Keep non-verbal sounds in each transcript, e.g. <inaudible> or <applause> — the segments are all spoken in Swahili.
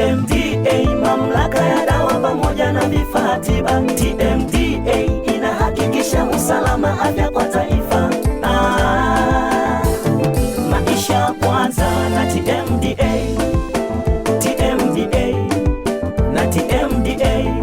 TMDA, mamlaka ya dawa pamoja na vifaa tiba. TMDA inahakikisha usalama afya kwa taifa. Ah, maisha kwanza na TMDA. TMDA na TMDA,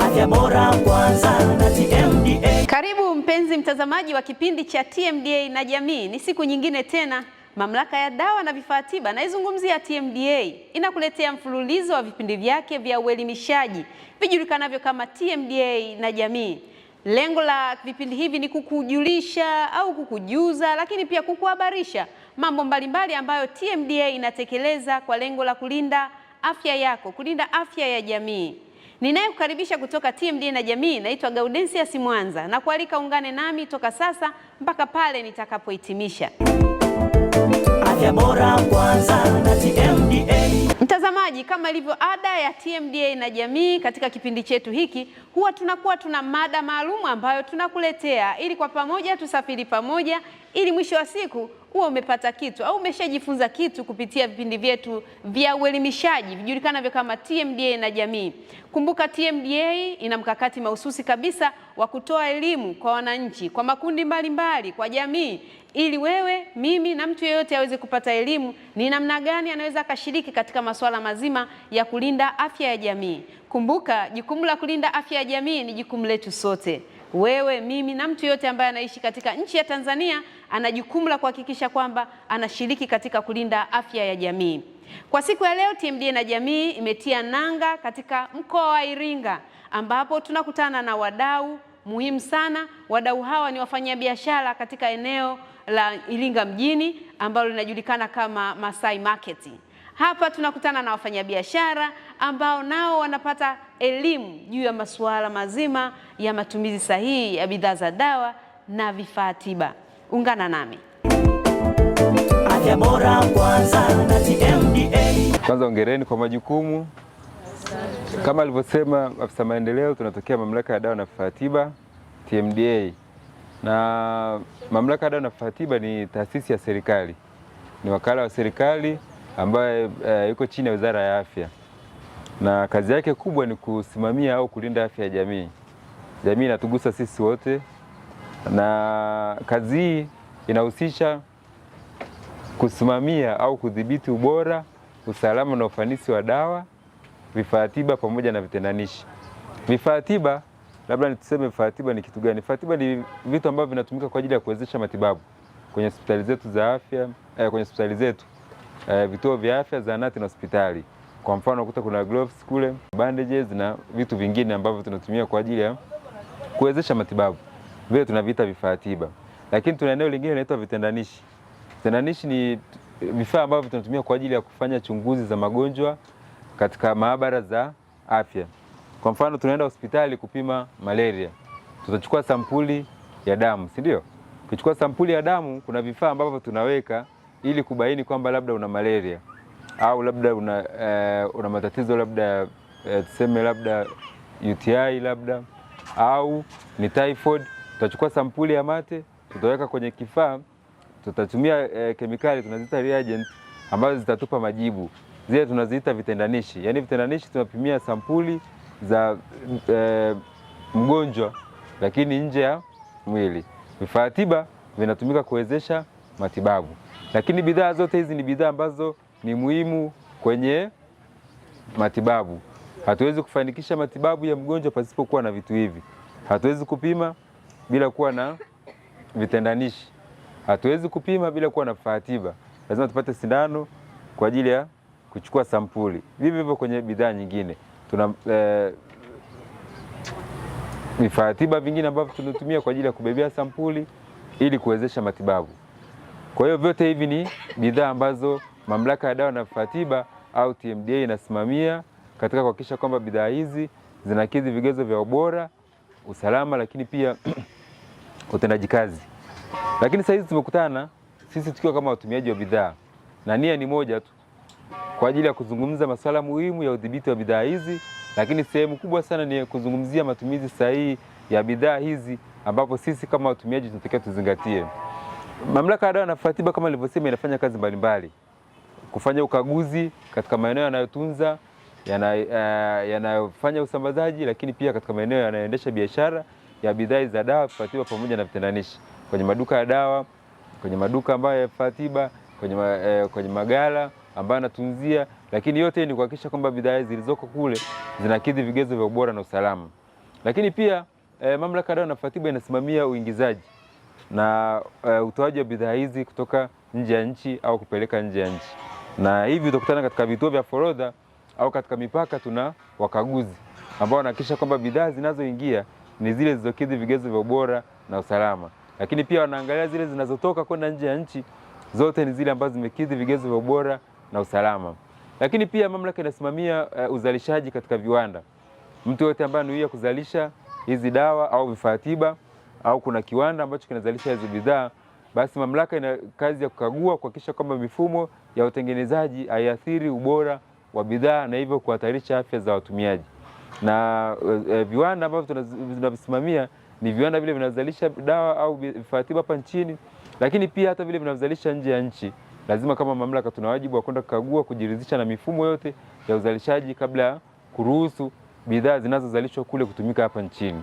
afya bora kwanza na TMDA. Karibu mpenzi mtazamaji wa kipindi cha TMDA na jamii, ni siku nyingine tena Mamlaka ya Dawa na Vifaa Tiba naizungumzia TMDA inakuletea mfululizo wa vipindi vyake vya uelimishaji vijulikanavyo kama TMDA na Jamii. Lengo la vipindi hivi ni kukujulisha au kukujuza, lakini pia kukuhabarisha mambo mbalimbali ambayo TMDA inatekeleza kwa lengo la kulinda afya yako, kulinda afya ya jamii. Ninayekukaribisha kutoka TMDA na Jamii naitwa Gaudensia Simwanza na kualika ungane nami toka sasa mpaka pale nitakapohitimisha afya bora kwanza na TMDA. Mtazamaji, kama ilivyo ada ya TMDA na jamii, katika kipindi chetu hiki huwa tunakuwa tuna mada maalum ambayo tunakuletea ili kwa pamoja tusafiri pamoja, ili mwisho wa siku huwa umepata kitu au umeshajifunza kitu kupitia vipindi vyetu vya uelimishaji vijulikanavyo kama TMDA na jamii. Kumbuka TMDA ina mkakati mahususi kabisa wa kutoa elimu kwa wananchi, kwa makundi mbalimbali mbali, kwa jamii ili wewe, mimi na mtu yeyote aweze kupata elimu ni namna gani anaweza akashiriki katika masuala mazima ya kulinda afya ya jamii. Kumbuka, jukumu la kulinda afya ya jamii ni jukumu letu sote wewe, mimi na mtu yote ambaye anaishi katika nchi ya Tanzania ana jukumu la kuhakikisha kwamba anashiriki katika kulinda afya ya jamii. Kwa siku ya leo TMD na jamii imetia nanga katika mkoa wa Iringa ambapo tunakutana na wadau muhimu sana. Wadau hawa ni wafanyabiashara katika eneo la Iringa mjini ambalo linajulikana kama Masai Market. Hapa tunakutana na wafanyabiashara ambao nao wanapata elimu juu ya masuala mazima ya matumizi sahihi ya bidhaa za dawa na vifaa tiba. Ungana nami. Afya Bora Kwanza na TMDA. Kwanza ongereni kwa majukumu. Kama alivyosema afisa maendeleo, tunatokea mamlaka ya dawa na vifaa tiba TMDA, na mamlaka ya dawa na vifaa tiba ni taasisi ya serikali, ni wakala wa serikali ambaye uh, yuko chini ya Wizara ya Afya na kazi yake kubwa ni kusimamia au kulinda afya ya jamii. Jamii inatugusa sisi wote, na kazi hii inahusisha kusimamia au kudhibiti ubora, usalama na ufanisi wa dawa, vifaa tiba pamoja na vitendanishi. Vifaa tiba, labda nituseme vifaa tiba ni kitu gani? Vifaa tiba ni vitu ambavyo vinatumika kwa ajili ya kuwezesha matibabu kwenye hospitali zetu za afya eh, kwenye hospitali zetu eh, vituo vya afya, zahanati na hospitali. Kwa mfano kuta kuna gloves kule, bandages na vitu vingine ambavyo tunatumia kwa ajili ya kuwezesha matibabu, vile tunaviita vifaa tiba. Lakini tuna eneo lingine linaitwa vitendanishi. Vitendanishi ni vifaa ambavyo tunatumia kwa ajili ya kufanya chunguzi za magonjwa katika maabara za afya. Kwa mfano tunaenda hospitali kupima malaria, tutachukua sampuli ya damu, si ndio? Ukichukua sampuli ya damu, kuna vifaa ambavyo tunaweka ili kubaini kwamba labda una malaria au labda una, uh, una matatizo labda uh, tuseme labda UTI labda au ni typhoid. Tutachukua sampuli ya mate tutaweka kwenye kifaa, tutatumia uh, kemikali tunaziita reagent ambazo zitatupa majibu. Zile tunaziita vitendanishi, yaani vitendanishi tunapimia sampuli za uh, mgonjwa lakini nje ya mwili. Vifaa tiba vinatumika kuwezesha matibabu. Lakini bidhaa zote hizi ni bidhaa ambazo ni muhimu kwenye matibabu. Hatuwezi kufanikisha matibabu ya mgonjwa pasipokuwa na vitu hivi. Hatuwezi kupima bila kuwa na vitendanishi, hatuwezi kupima bila kuwa na vifaa tiba. Lazima tupate sindano kwa ajili ya kuchukua sampuli. Vivyo hivyo kwenye bidhaa nyingine tuna eh, tiba vingine ambavyo tunatumia kwa ajili ya kubebea sampuli ili kuwezesha matibabu. Kwa hiyo vyote hivi ni bidhaa ambazo Mamlaka ya Dawa na Vifaa Tiba au TMDA inasimamia katika kuhakikisha kwamba bidhaa hizi zinakidhi vigezo vya ubora, usalama, lakini pia <clears throat> utendaji kazi. Lakini sasa hizi tumekutana sisi tukiwa kama watumiaji wa bidhaa na nia ni moja tu kwa ajili ya kuzungumza masuala muhimu ya udhibiti wa bidhaa hizi, lakini sehemu kubwa sana ni kuzungumzia matumizi sahihi ya bidhaa hizi, ambapo sisi kama watumiaji tunatakiwa tuzingatie. Mamlaka ya Dawa na Vifaa Tiba kama nilivyosema inafanya kazi mbalimbali, kufanya ukaguzi katika maeneo yanayotunza eh, yanayofanya uh, usambazaji, lakini pia katika maeneo yanayoendesha biashara ya bidhaa za dawa, vifaa tiba pamoja na vitendanishi, kwenye maduka ya dawa, kwenye maduka ambayo ya vifaa tiba, kwenye, ma, eh, kwenye magala ambayo anatunzia, lakini yote ni kuhakikisha kwamba bidhaa zilizoko kule zinakidhi vigezo vya ubora na usalama. Lakini pia eh, mamlaka ya dawa na vifaa tiba inasimamia uingizaji na uh, utoaji wa bidhaa hizi kutoka nje ya nchi au kupeleka nje ya nchi, na hivi utakutana katika vituo vya forodha au katika mipaka tuna wakaguzi ambao wanahakikisha kwamba bidhaa zinazoingia ni zile zilizokidhi vigezo vya ubora na usalama, lakini pia wanaangalia zile zinazotoka kwenda nje ya nchi, zote ni zile ambazo zimekidhi vigezo vya ubora na usalama. Lakini pia mamlaka inasimamia uh, uzalishaji katika viwanda. Mtu yote ambaye anuia kuzalisha hizi dawa au vifaa tiba au kuna kiwanda ambacho kinazalisha hizo bidhaa, basi mamlaka ina kazi ya kukagua, kuhakikisha kwamba mifumo ya utengenezaji haiathiri ubora wa bidhaa na hivyo kuhatarisha afya za watumiaji. Na e, viwanda ambavyo tunavisimamia ni viwanda vile vinazalisha dawa au vifaa tiba hapa nchini, lakini pia hata vile vinazalisha nje ya nchi. Lazima kama mamlaka tuna wajibu wa kwenda kukagua, kujiridhisha na mifumo yote ya uzalishaji kabla ya kuruhusu bidhaa zinazozalishwa kule kutumika hapa nchini.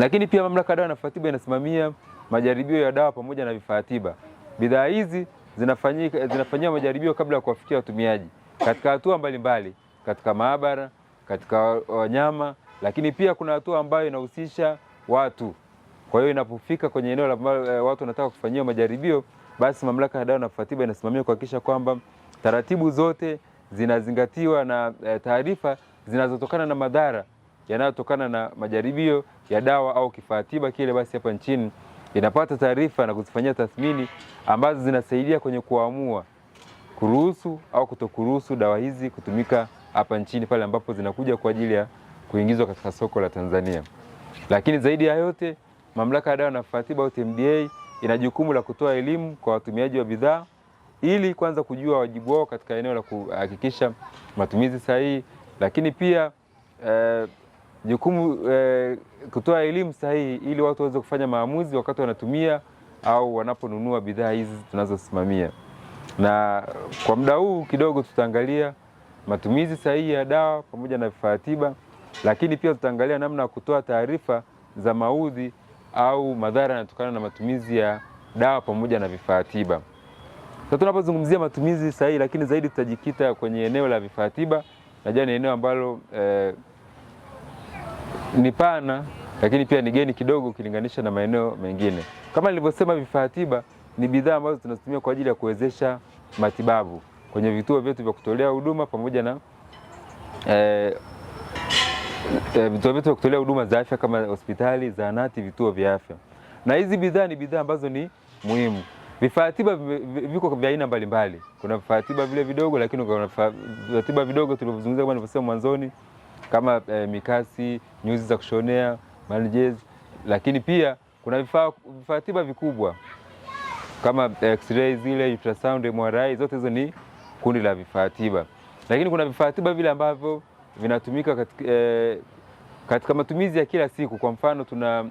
Lakini pia Mamlaka ya Dawa na Vifaa Tiba inasimamia majaribio ya dawa pamoja na vifaa tiba. Bidhaa hizi zinafanyika zinafanyiwa majaribio kabla ya kuwafikia watumiaji katika hatua mbalimbali, katika maabara, katika wanyama, lakini pia kuna hatua ambayo inahusisha watu. Kwa hiyo inapofika kwenye eneo la eh, watu wanataka kufanyiwa majaribio, basi Mamlaka ya Dawa na Vifaa Tiba inasimamia kuhakikisha kwamba taratibu zote zinazingatiwa na eh, taarifa zinazotokana na madhara yanayotokana na majaribio ya dawa au kifaa tiba kile, basi hapa nchini inapata taarifa na kuzifanyia tathmini ambazo zinasaidia kwenye kuamua kuruhusu au kutokuruhusu dawa hizi kutumika hapa nchini pale ambapo zinakuja kwa ajili ya kuingizwa katika soko la Tanzania. Lakini zaidi ya yote, mamlaka ya dawa na vifaa tiba au TMDA ina jukumu la kutoa elimu kwa watumiaji wa bidhaa ili kwanza kujua wajibu wao katika eneo la kuhakikisha matumizi sahihi, lakini pia eh, jukumu eh, kutoa elimu sahihi ili watu waweze kufanya maamuzi wakati wanatumia au wanaponunua bidhaa hizi tunazosimamia. Na kwa muda huu kidogo tutaangalia matumizi sahihi ya dawa pamoja na vifaa tiba, lakini pia tutaangalia namna ya kutoa taarifa za maudhi au madhara yanayotokana na matumizi ya dawa pamoja na vifaa tiba. Sasa tunapozungumzia matumizi sahihi, lakini zaidi tutajikita kwenye eneo la vifaa tiba. Najua ni eneo ambalo eh, ni pana, lakini pia ni geni kidogo ukilinganisha na maeneo mengine. Kama nilivyosema, vifaa tiba ni bidhaa ambazo tunazitumia kwa ajili ya kuwezesha matibabu kwenye vituo vyetu vya kutolea huduma pamoja na eh, eh vituo vyetu vya kutolea huduma za afya kama hospitali, zahanati, vituo vya afya. Na hizi bidhaa ni bidhaa ambazo ni muhimu. Vifaa tiba viko vya aina mbalimbali. Kuna vifaa tiba vile vidogo, lakini kuna vifaa tiba vidogo tulivyozungumza kama nilivyosema mwanzoni kama eh, mikasi, nyuzi za kushonea, marijezi, lakini pia kuna vifaa vifaa tiba vikubwa kama x-ray zile, ultrasound, MRI, zote hizo ni kundi la vifaa tiba. Lakini kuna vifaa tiba vile ambavyo vinatumika katika, eh, katika matumizi ya kila siku. Kwa mfano tuna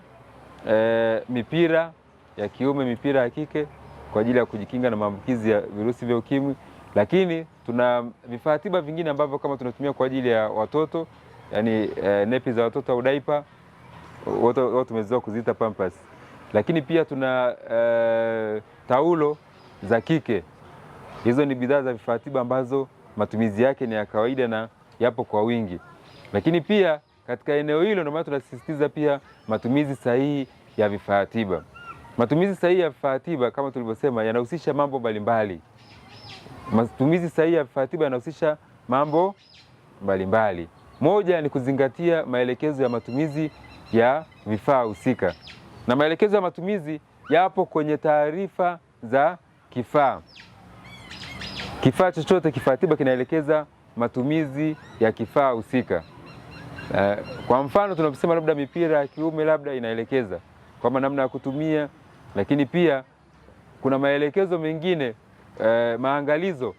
eh, mipira ya kiume, mipira ya kike kwa ajili ya kujikinga na maambukizi ya virusi vya UKIMWI, lakini tuna vifaa tiba vingine ambavyo kama tunatumia kwa ajili ya watoto yani e, eh, nepi za watoto au daipa wao tumezoea kuziita pampers, lakini pia tuna e, taulo za kike. Hizo ni bidhaa za vifaa tiba ambazo matumizi yake ni ya kawaida na yapo kwa wingi, lakini pia katika eneo hilo ndio maana tunasisitiza pia matumizi sahihi ya vifaa tiba. Matumizi sahihi ya vifaa tiba kama tulivyosema, yanahusisha mambo mbalimbali. Matumizi sahihi ya vifaa tiba yanahusisha mambo mbalimbali. Moja ni kuzingatia maelekezo ya matumizi ya vifaa husika, na maelekezo ya matumizi yapo kwenye taarifa za kifaa. Kifaa chochote, kifaa tiba kinaelekeza matumizi ya kifaa husika. Eh, kwa mfano tunaposema labda mipira ya kiume, labda inaelekeza kwamba namna ya kutumia, lakini pia kuna maelekezo mengine eh, maangalizo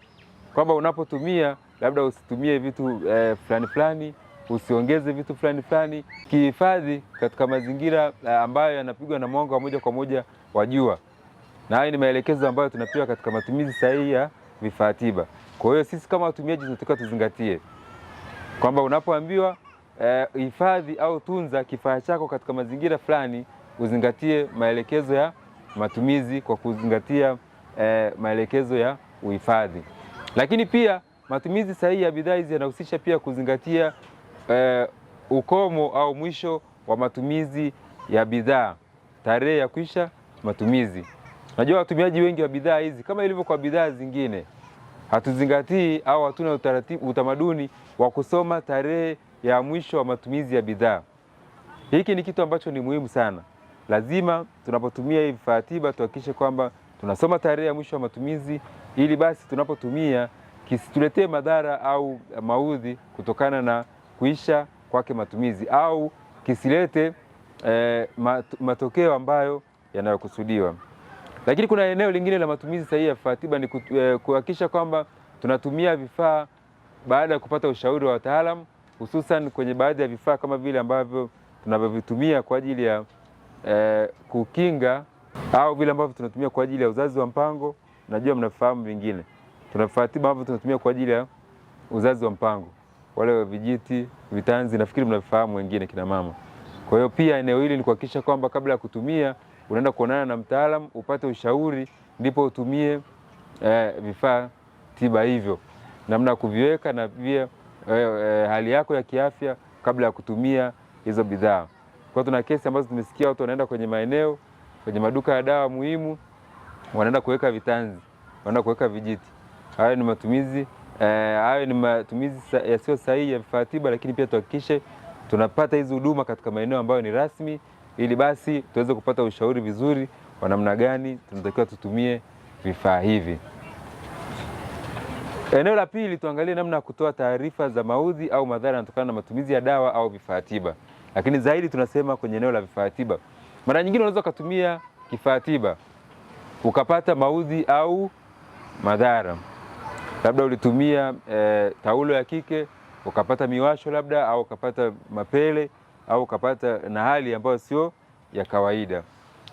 kwamba unapotumia labda usitumie vitu eh, fulani fulani, usiongeze vitu fulani fulani, kihifadhi katika mazingira eh, ambayo yanapigwa na mwanga wa moja kwa moja wa jua. Na hayo ni maelekezo ambayo tunapewa katika matumizi sahihi ya vifaa tiba. Kwa hiyo sisi kama watumiaji tunatakiwa tuzingatie kwamba unapoambiwa eh, hifadhi eh, au tunza kifaa chako katika mazingira fulani, uzingatie maelekezo ya matumizi kwa kuzingatia eh, maelekezo ya uhifadhi, lakini pia Matumizi sahihi ya bidhaa hizi yanahusisha pia kuzingatia eh, ukomo au mwisho wa matumizi ya bidhaa, tarehe ya kuisha matumizi. Najua watumiaji wengi wa bidhaa hizi kama ilivyo kwa bidhaa zingine hatuzingatii au hatuna utaratibu, utamaduni wa kusoma tarehe ya mwisho wa matumizi ya bidhaa. Hiki ni kitu ambacho ni muhimu sana. Lazima tunapotumia hii vifaa tiba tuhakikishe kwamba tunasoma tarehe ya mwisho wa matumizi, ili basi tunapotumia kisituletee madhara au maudhi kutokana na kuisha kwake matumizi au kisilete eh, matokeo ambayo yanayokusudiwa. Lakini kuna eneo lingine la matumizi sahihi ya vifaa tiba ni eh, kuhakikisha kwamba tunatumia vifaa baada ya kupata ushauri wa wataalamu, hususan kwenye baadhi ya vifaa kama vile ambavyo tunavyovitumia kwa ajili ya eh, kukinga au vile ambavyo tunatumia kwa ajili ya uzazi wa mpango. Najua mnafahamu vingine. Tuna vifaa tiba ambavyo tunatumia kwa ajili ya uzazi wa mpango, wale vijiti, vitanzi, nafikiri mnavifahamu wengine kina mama. Kwa hiyo pia eneo hili ni kuhakikisha kwamba kabla ya kutumia unaenda kuonana na mtaalamu upate ushauri, ndipo utumie eh, vifaa tiba hivyo, namna ya kuviweka na pia eh, eh, hali yako ya kiafya kabla ya kutumia hizo bidhaa. Kwa tuna kesi ambazo tumesikia watu wanaenda kwenye maeneo kwenye maduka ya dawa muhimu, wanaenda kuweka vitanzi, wanaenda kuweka vijiti hayo ni matumizi eh, hayo ni matumizi yasiyo sahihi ya vifaa tiba, lakini pia tuhakikishe tunapata hizi huduma katika maeneo ambayo ni rasmi, ili basi tuweze kupata ushauri vizuri wa namna gani tunatakiwa tutumie vifaa hivi. Eneo la pili, tuangalie namna ya kutoa taarifa za maudhi au madhara yanatokana na matumizi ya dawa au vifaa tiba, lakini zaidi tunasema kwenye eneo la vifaa tiba. Mara nyingine unaweza ukatumia kifaa tiba ukapata maudhi au madhara labda ulitumia e, taulo ya kike ukapata miwasho labda au ukapata mapele au ukapata na hali ambayo sio ya kawaida,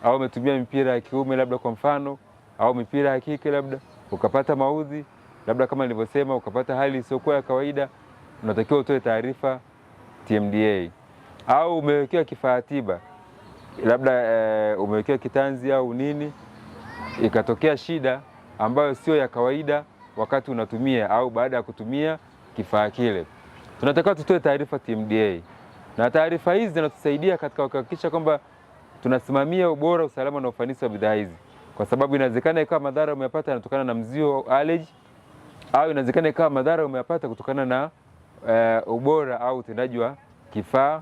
au umetumia mipira ya kiume labda kwa mfano, au mipira ya kike labda ukapata maudhi labda, kama nilivyosema, ukapata hali isiyokuwa ya kawaida, unatakiwa utoe taarifa TMDA. Au umewekewa kifaa tiba labda, e, umewekewa kitanzi au nini, ikatokea shida ambayo sio ya kawaida wakati unatumia au baada ya kutumia kifaa kile. Tunatakiwa tutoe taarifa TMDA, na taarifa hizi zinatusaidia katika kuhakikisha kwamba tunasimamia ubora, usalama na ufanisi wa bidhaa hizi, kwa sababu inawezekana ikawa madhara umeyapata yanatokana na mzio allergy, au inawezekana ikawa madhara umeyapata kutokana na uh, ubora au utendaji wa kifaa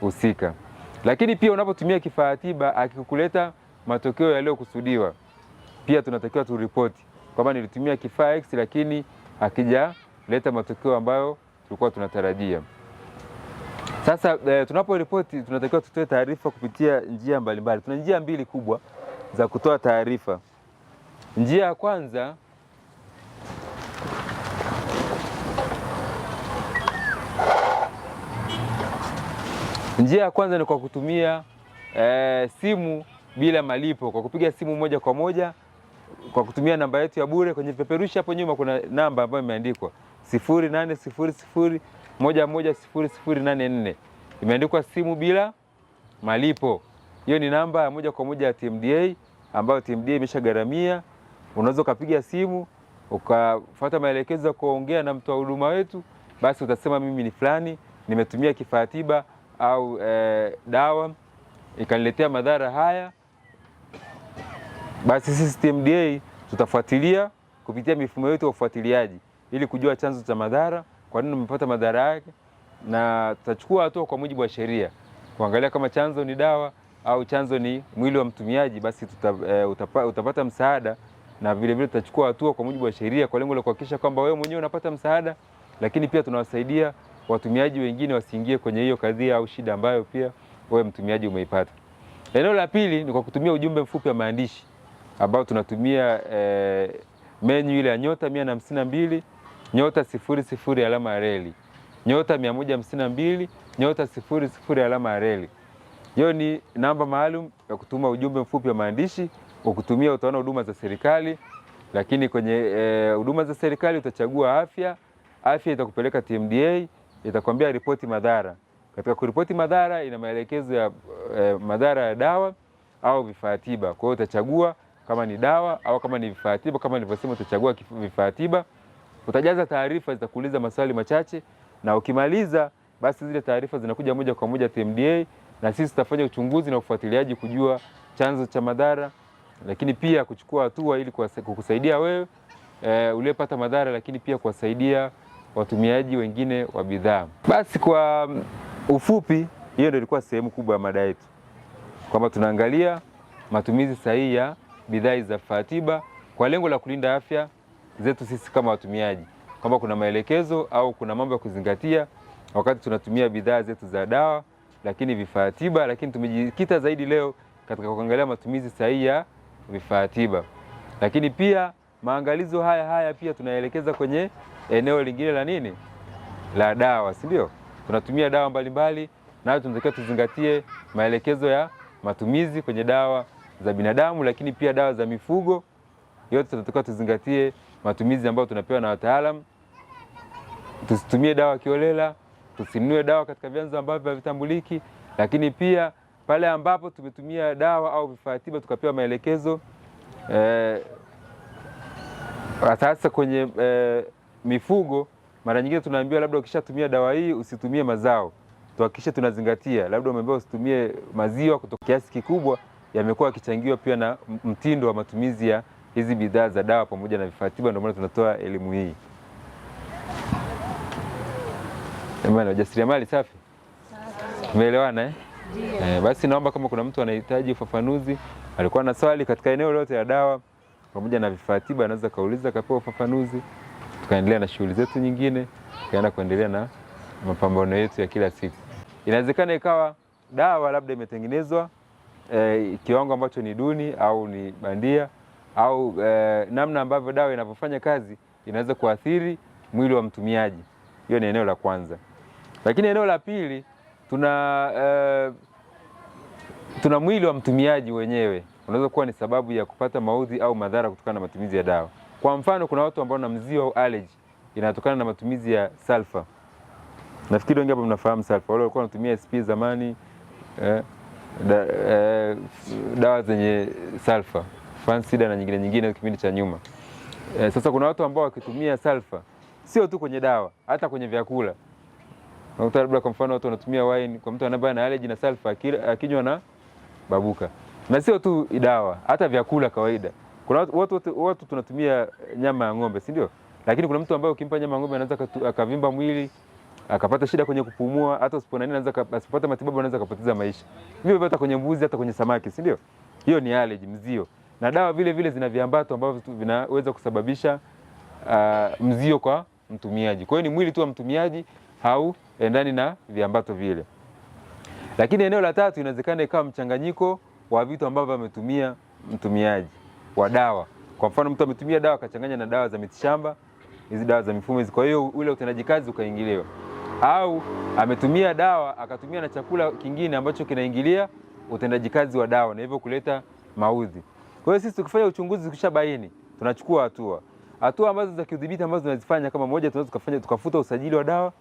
husika. Lakini pia unapotumia kifaa tiba akikuleta matokeo yaliyokusudiwa, pia tunatakiwa turipoti kwamba nilitumia kifaa X lakini hakijaleta matokeo ambayo tulikuwa tunatarajia. Sasa e, tunaporipoti tunatakiwa tutoe taarifa kupitia njia mbalimbali. Tuna njia mbili kubwa za kutoa taarifa. Njia ya kwanza njia ya kwanza ni kwa kutumia e, simu bila malipo, kwa kupiga simu moja kwa moja kwa kutumia namba yetu ya bure. Kwenye vipeperushi hapo nyuma kuna namba ambayo imeandikwa 0800110084 imeandikwa simu bila malipo. Hiyo ni namba ya moja kwa moja ya TMDA ambayo TMDA imeshagharamia. Unaweza ukapiga simu ukafuata maelekezo ya kuongea na mtu wa huduma wetu, basi utasema mimi ni fulani, nimetumia kifaa tiba au e, dawa ikaniletea madhara haya basi sisi TMDA tutafuatilia kupitia mifumo yetu ya ufuatiliaji ili kujua chanzo cha madhara, kwa nini umepata madhara yake, na tutachukua hatua kwa mujibu wa sheria kuangalia kama chanzo ni dawa au chanzo ni mwili wa mtumiaji, basi tuta, e, utapa, utapata msaada na vile vile tutachukua hatua kwa mujibu wa sheria kwa lengo la kuhakikisha kwamba wewe mwenyewe unapata msaada, lakini pia tunawasaidia watumiaji wengine wasiingie kwenye hiyo kadhia au shida ambayo pia wewe mtumiaji umeipata. Eneo la pili ni kwa kutumia ujumbe mfupi wa maandishi ambao tunatumia eh, menyu ile ya nyota mia na hamsini na mbili nyota sifuri sifuri alama ya reli nyota mia moja hamsini na mbili nyota sifuri sifuri alama ya reli. Hiyo ni namba maalum ya kutuma ujumbe mfupi wa maandishi. Ukitumia utaona huduma za serikali, lakini kwenye eh, huduma eh, za serikali utachagua afya. Afya itakupeleka TMDA, itakwambia ripoti madhara. Katika kuripoti madhara ina maelekezo ya eh, madhara ya dawa au vifaa tiba. Kwa hiyo utachagua kama ni dawa au kama ni vifaa tiba. Kama nilivyosema, utachagua vifaa tiba, utajaza taarifa, zitakuuliza maswali machache, na ukimaliza basi zile taarifa zinakuja moja kwa moja TMDA, na sisi tutafanya uchunguzi na ufuatiliaji kujua chanzo cha madhara, lakini pia kuchukua hatua ili kukusaidia wewe e, eh, uliyepata madhara, lakini pia kuwasaidia watumiaji wengine wa bidhaa. Basi kwa mm, ufupi, hiyo ndio ilikuwa sehemu kubwa ya mada yetu kwamba tunaangalia matumizi sahihi ya bidhaa za vifaa tiba kwa lengo la kulinda afya zetu sisi kama watumiaji, kwamba kuna maelekezo au kuna mambo ya kuzingatia wakati tunatumia bidhaa zetu za dawa, lakini vifaa tiba. Lakini tumejikita zaidi leo katika kuangalia matumizi sahihi ya vifaa tiba, lakini pia maangalizo haya haya pia tunaelekeza kwenye eneo lingine la nini, la dawa, si ndio? Tunatumia dawa mbalimbali, nayo tunatakiwa tuzingatie maelekezo ya matumizi kwenye dawa za binadamu, lakini pia dawa za mifugo. Yote tunatakiwa tuzingatie matumizi ambayo tunapewa na wataalamu. Tusitumie dawa kiolela, tusinunue dawa katika vyanzo ambavyo havitambuliki, lakini pia pale ambapo tumetumia dawa au vifaa tiba tukapewa maelekezo eh, kwenye eh, mifugo mara nyingine tunaambiwa labda ukishatumia dawa hii usitumie mazao. Tuhakikishe tunazingatia, labda umeambiwa usitumie maziwa kutoka kiasi kikubwa yamekuwa yakichangiwa pia na mtindo wa matumizi ya hizi bidhaa za dawa pamoja na vifaa tiba. Ndio maana tunatoa elimu hii. wajasiriamali safi, umeelewana eh? Eh, basi naomba kama kuna mtu anahitaji ufafanuzi, alikuwa na swali katika eneo lote la dawa pamoja na vifaa tiba, anaweza kauliza akapewa ufafanuzi, tukaendelea na shughuli zetu nyingine, tukaenda kuendelea na mapambano yetu ya kila siku. Inawezekana ikawa dawa labda imetengenezwa e, kiwango ambacho ni duni au ni bandia au e, namna ambavyo dawa inavyofanya kazi inaweza kuathiri mwili wa mtumiaji. Hiyo ni eneo la kwanza, lakini eneo la pili tuna e, tuna mwili wa mtumiaji wenyewe unaweza kuwa ni sababu ya kupata maudhi au madhara kutokana na matumizi ya dawa. Kwa mfano, kuna watu ambao na mzio au allergy inatokana na matumizi ya sulfa. Nafikiri wengi hapa mnafahamu sulfa, wale walikuwa wanatumia SP zamani eh da, e, dawa zenye sulfa fansida na nyingine nyingine kipindi cha nyuma e, sasa kuna watu ambao wakitumia sulfa sio tu kwenye dawa, hata kwenye vyakula unakuta labda kwa mfano watu wanatumia wine, kwa mtu anabaya na allergy na sulfa akinywa na babuka, na sio tu dawa, hata vyakula kawaida. Kuna watu, watu, watu, watu tunatumia nyama ya ng'ombe, si ndio? Lakini kuna mtu ambaye ukimpa nyama ya ng'ombe anaweza akavimba mwili akapata shida kwenye kupumua, hata usiponani anaweza asipata matibabu anaweza kupoteza maisha. Hivyo hivyo hata kwenye mbuzi, hata kwenye samaki, si ndio? Hiyo ni allergy, mzio. Na dawa vile vile zina viambato ambavyo vinaweza kusababisha uh, mzio kwa mtumiaji. Kwa hiyo ni mwili tu wa mtumiaji au endani na viambato vile. Lakini eneo la tatu inawezekana ikawa mchanganyiko wa vitu ambavyo ametumia mtumiaji wa dawa. Kwa mfano mtu ametumia dawa akachanganya na dawa za mitishamba, hizi dawa za mifumo hizi, kwa hiyo ule utendaji kazi ukaingiliwa au ametumia dawa akatumia na chakula kingine ambacho kinaingilia utendaji kazi wa dawa na hivyo kuleta maudhi. Kwa hiyo sisi tukifanya uchunguzi, tukishabaini tunachukua hatua. Hatua ambazo za kudhibiti ambazo tunazifanya kama moja, tunaweza tukafanya tukafuta usajili wa dawa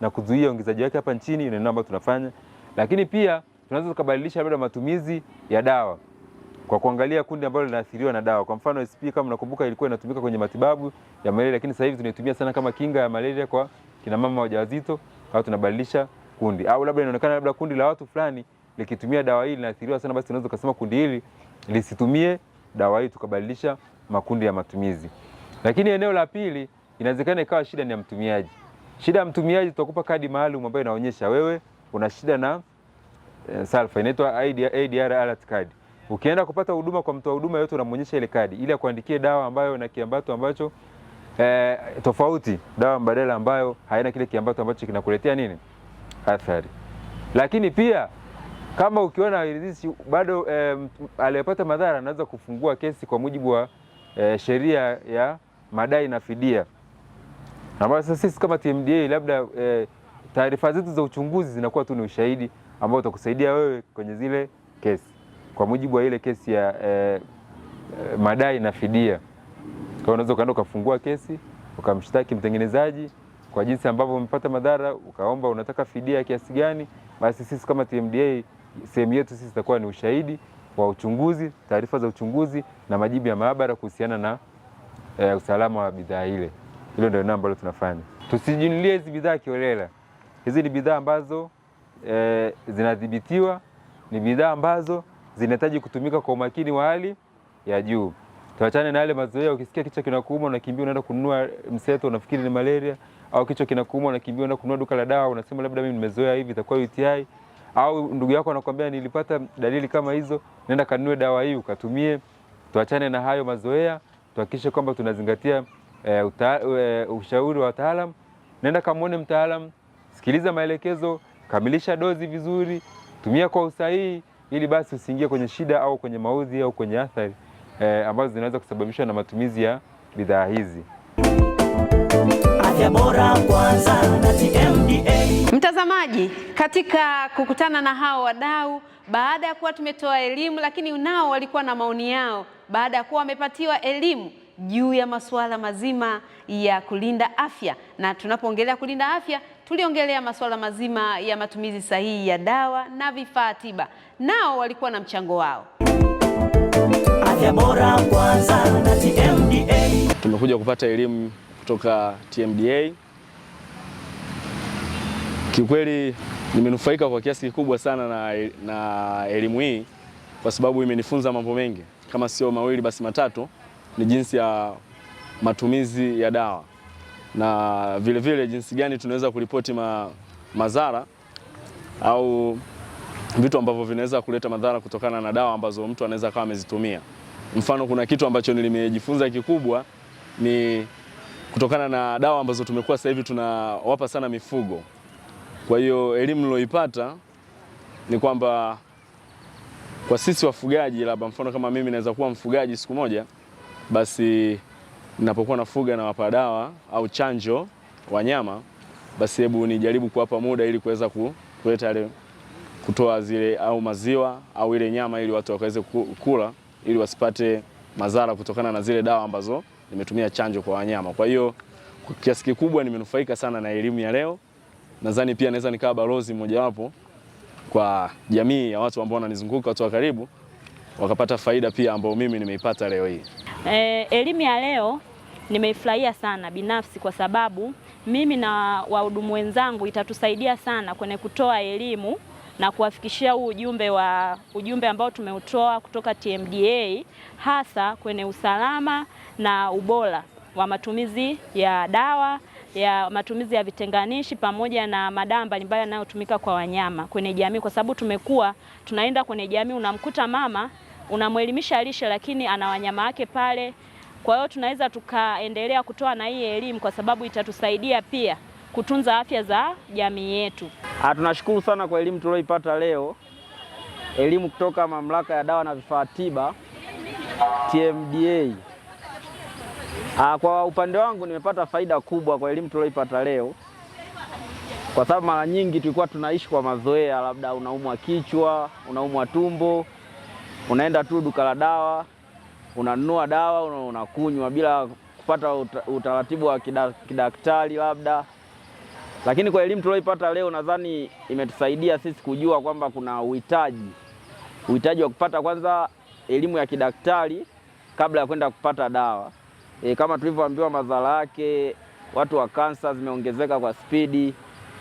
na kuzuia uingizaji wake hapa nchini, ni ambayo tunafanya, lakini pia tunaweza tukabadilisha labda matumizi ya dawa kwa kuangalia kundi ambalo linaathiriwa na dawa. Kwa mfano SP, kama mnakumbuka, ilikuwa inatumika kwenye matibabu ya malaria, lakini sasa hivi tunaitumia sana kama kinga ya malaria kwa kina mama wajawazito au tunabadilisha kundi, au labda inaonekana labda kundi la watu fulani likitumia dawa hii linaathiriwa sana, basi tunaweza kusema kundi hili lisitumie dawa hii, tukabadilisha makundi ya matumizi. Lakini eneo la pili, inawezekana ikawa shida ni ya mtumiaji. Shida ya mtumiaji, tutakupa kadi maalum ambayo inaonyesha wewe una shida na e, eh, sulfa, inaitwa ADR alert card. Ukienda kupata huduma kwa wa huduma yote, unamwonyesha ile kadi ili akuandikie dawa ambayo na kiambato ambacho eh, tofauti dawa mbadala ambayo haina kile kiambato ambacho kinakuletea nini athari. Lakini pia kama ukiona hizi bado eh, aliyepata madhara anaweza kufungua kesi kwa mujibu wa eh, sheria ya madai na fidia, ambayo sasa sisi kama TMDA labda eh, taarifa zetu za uchunguzi zinakuwa tu ni ushahidi ambao utakusaidia wewe kwenye zile kesi kwa mujibu wa ile kesi ya eh, eh madai na fidia hiyo unaweza ukaenda ukafungua kesi ukamshtaki mtengenezaji kwa jinsi ambavyo umepata madhara, ukaomba unataka fidia kiasi gani. Basi sisi kama TMDA sehemu yetu sisi itakuwa ni ushahidi wa uchunguzi, taarifa za uchunguzi na majibu ya maabara kuhusiana na e, usalama wa bidhaa ile. Hilo ndio eneo ambalo tunafanya. Tusijinunulie hizi bidhaa kiolela. Hizi ni bidhaa ambazo e, zinadhibitiwa, ni bidhaa ambazo zinahitaji kutumika kwa umakini wa hali ya juu tuachane na yale mazoea. Ukisikia kichwa kinakuuma, unakimbia unaenda kununua mseto, unafikiri ni malaria, au kichwa kinakuuma, unakimbia unaenda kununua duka la dawa, unasema labda mimi nimezoea hivi, itakuwa UTI. Au ndugu yako anakuambia nilipata dalili kama hizo, nenda kanunue dawa hii ukatumie. Tuachane na hayo mazoea, tuhakikishe kwamba tunazingatia e, uta, e, ushauri wa wataalam. Nenda kamwone mtaalam, sikiliza maelekezo, kamilisha dozi vizuri, tumia kwa usahihi, ili basi usiingie kwenye shida au kwenye maudhi au kwenye athari eh, ambazo zinaweza kusababishwa na matumizi ya bidhaa hizi. Afya bora kwanza na TMDA. Mtazamaji, katika kukutana na hao wadau baada ya kuwa tumetoa elimu, lakini nao walikuwa na maoni yao baada ya kuwa wamepatiwa elimu juu ya masuala mazima ya kulinda afya. Na tunapoongelea kulinda afya, tuliongelea masuala mazima ya matumizi sahihi ya dawa na vifaa tiba, nao walikuwa na mchango wao afya bora kwanza na TMDA. Tumekuja kupata elimu kutoka TMDA. Kiukweli nimenufaika kwa kiasi kikubwa sana na, na elimu hii kwa sababu imenifunza mambo mengi, kama sio mawili basi matatu, ni jinsi ya matumizi ya dawa na vilevile vile jinsi gani tunaweza kuripoti ma, madhara au vitu ambavyo vinaweza kuleta madhara kutokana na dawa ambazo mtu anaweza akawa amezitumia. Mfano, kuna kitu ambacho nilimejifunza kikubwa ni kutokana na dawa ambazo tumekuwa sasa hivi tunawapa sana mifugo. Kwa hiyo elimu niloipata ni kwamba kwa sisi wafugaji, labda mfano kama mimi naweza kuwa mfugaji siku moja, basi ninapokuwa nafuga nawapa dawa au chanjo wanyama, basi hebu nijaribu kuwapa muda ili kuweza kuleta ile kutoa zile au maziwa au ile nyama ili watu waweze kula ili wasipate madhara kutokana na zile dawa ambazo nimetumia chanjo kwa wanyama. Kwa hiyo kwa kiasi kikubwa nimenufaika sana na elimu ya leo. Nadhani pia naweza nikawa balozi mmojawapo kwa jamii ya watu ambao wananizunguka, watu wa karibu wakapata faida pia ambayo mimi nimeipata leo hii. E, elimu ya leo nimeifurahia sana binafsi kwa sababu mimi na wahudumu wenzangu itatusaidia sana kwenye kutoa elimu na kuwafikishia huu ujumbe wa ujumbe ambao tumeutoa kutoka TMDA hasa kwenye usalama na ubora wa matumizi ya dawa ya matumizi ya vitenganishi pamoja na madawa mbalimbali yanayotumika kwa wanyama kwenye jamii, kwa sababu tumekuwa tunaenda kwenye jamii, unamkuta mama unamwelimisha lishe, lakini ana wanyama wake pale. Kwa hiyo tunaweza tukaendelea kutoa na hii elimu, kwa sababu itatusaidia pia kutunza afya za jamii yetu. Ah, tunashukuru sana kwa elimu tulioipata leo, elimu kutoka Mamlaka ya Dawa na Vifaa Tiba TMDA. Ah, kwa upande wangu nimepata faida kubwa kwa elimu tulioipata leo, kwa sababu mara nyingi tulikuwa tunaishi kwa mazoea, labda unaumwa kichwa, unaumwa tumbo, unaenda tu duka la dawa, unanunua dawa, unakunywa bila kupata utaratibu wa kidaktari labda lakini kwa elimu tulioipata leo, nadhani imetusaidia sisi kujua kwamba kuna uhitaji uhitaji wa kupata kwanza elimu ya kidaktari kabla ya kwenda kupata dawa e, kama tulivyoambiwa madhara yake, watu wa kansa zimeongezeka kwa spidi.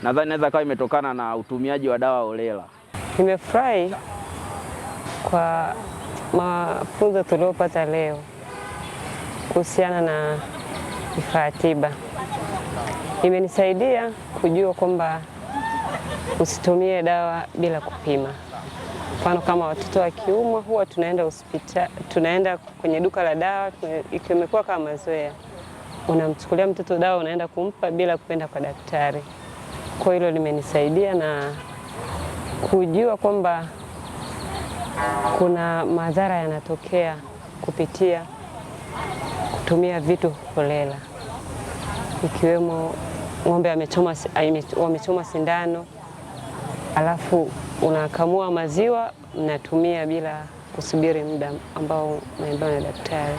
Nadhani inaweza kawa imetokana na utumiaji wa dawa holela. Nimefurahi kwa mafunzo tuliopata leo kuhusiana na vifaa tiba imenisaidia kujua kwamba usitumie dawa bila kupima. Mfano kama watoto wakiumwa huwa tunaenda hospitali, tunaenda kwenye duka la dawa, imekuwa kama mazoea, unamchukulia mtoto dawa unaenda kumpa bila kwenda kwa daktari. Kwa hilo limenisaidia na kujua kwamba kuna madhara yanatokea kupitia kutumia vitu holela ikiwemo ng'ombe amechoma, wamechoma sindano, alafu unakamua maziwa mnatumia bila kusubiri muda ambao umeambiwa na daktari.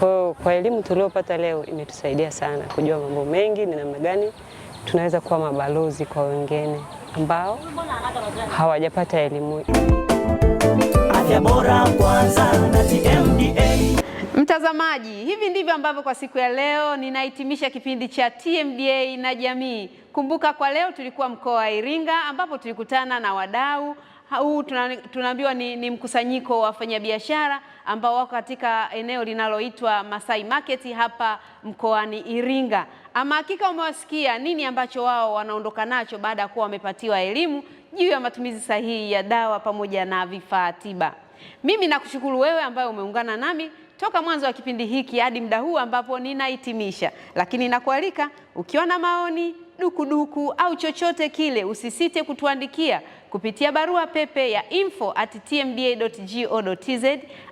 Kwa hiyo kwa elimu tuliopata leo imetusaidia sana kujua mambo mengi, ni namna gani tunaweza kuwa mabalozi kwa wengine ambao hawajapata elimu. Afya bora kwanza na TMDA. Mtazamaji, hivi ndivyo ambavyo kwa siku ya leo ninahitimisha kipindi cha TMDA na jamii. Kumbuka kwa leo tulikuwa mkoa wa Iringa ambapo tulikutana na wadau huu tunaambiwa ni, ni mkusanyiko wa wafanyabiashara ambao wako katika eneo linaloitwa Masai Market hapa mkoani Iringa. Ama hakika umewasikia nini ambacho wao wanaondoka nacho baada ya kuwa wamepatiwa elimu juu ya matumizi sahihi ya dawa pamoja na vifaa tiba. Mimi nakushukuru wewe ambaye umeungana nami toka mwanzo wa kipindi hiki hadi muda huu ambapo ninahitimisha, lakini nakualika ukiwa na maoni, dukuduku au chochote kile, usisite kutuandikia kupitia barua pepe ya info at tmda.go.tz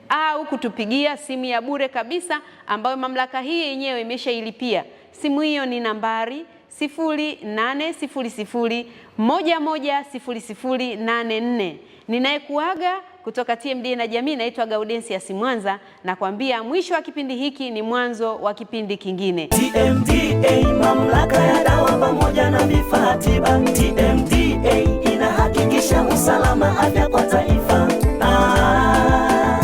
au kutupigia simu ya bure kabisa ambayo mamlaka hii yenyewe imeshailipia. Simu hiyo ni nambari 0800110084. Ninayekuaga kutoka TMD na jamii. Naitwa Gaudensia Simwanza, nakwambia mwisho wa kipindi hiki ni mwanzo wa kipindi kingine. TMDA, mamlaka ya dawa pamoja na vifaa tiba. TMDA inahakikisha usalama, afya kwa taifa. Ah,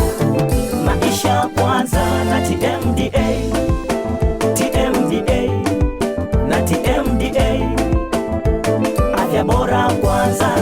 maisha kwanza na na afya bora kwanza.